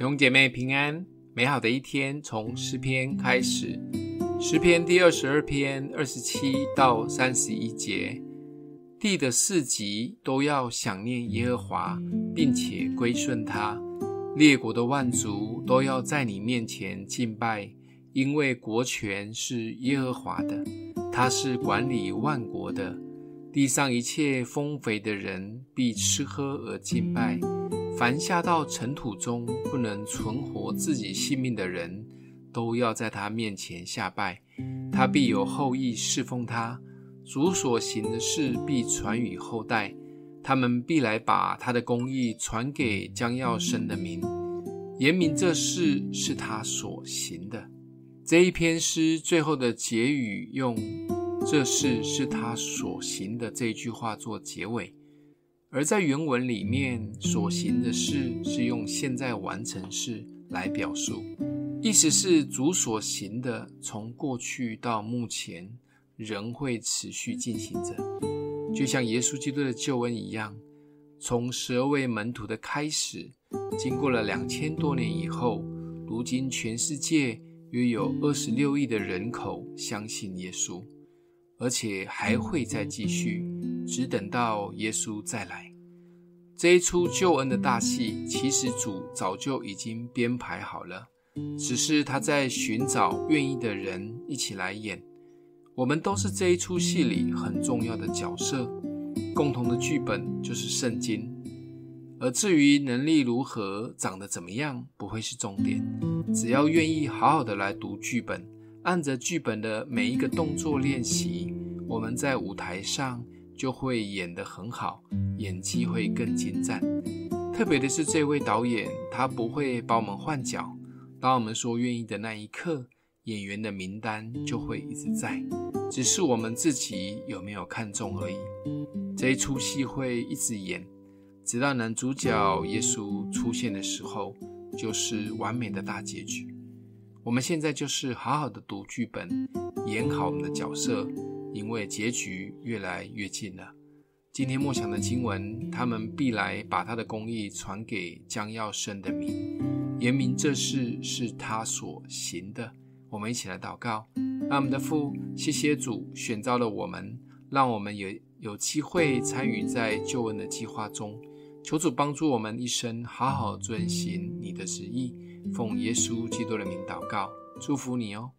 弟兄姐妹平安，美好的一天從詩篇開始。詩篇第二十二篇二十七到三十一節：地的四極都要想念耶和華，並且歸順他；列國的萬族都要在你面前敬拜，因為國權是耶和華的，他是管理萬國的。地上一切豐肥的人，必吃喝而敬拜。凡下到塵土中不能存活自己性命的人，都要在他面前下拜，他必有後裔侍奉他，主所行的事必傳與後代，他們必來把他的公義傳給將要生的民，言明這事是他所行的。這一篇詩最後的結語用“這事是他所行的”這一句話做結尾。而在原文裡面所行的事是用現在完成式來表述，意思是主所行的從過去到目前仍會持續進行着，就像耶穌基督的救恩一樣，從十二位門徒的開始，經過了兩千多年以後，如今全世界約有二十六億的人口相信耶穌，而且還會再繼續。只等到耶穌再來，這一齣救恩的大戲，其實主早就已經編排好了，只是他在尋找願意的人一起來演。我們都是這一齣戲裡很重要的角色，共同的劇本就是聖經。而至於能力如何、長得怎麼樣，不會是重點，只要願意好好的來讀劇本，按着劇本的每一個動作練習，我們在舞台上。就會演得很好，演技會更精湛。特別的是，這位導演他不會把我們換角。當我們說願意的那一刻，演員的名單就會一直在，只是我們自己有沒有看重而已。這一齣戲會一直演，直到男主角耶穌出現的時候，就是完美的大結局。我們現在就是好好的讀劇本，演好我們的角色。因為結局越來越近了。今天默想的經文，他們必來把他的公義傳給將要生的民，言明這事是他所行的。我們一起來禱告，愛我們的父，謝謝主選召了我們，讓我們也有機會參與在救恩的計劃中。求主幫助我們一生好好遵循你的旨意，奉耶穌基督的名禱告，祝福你哦。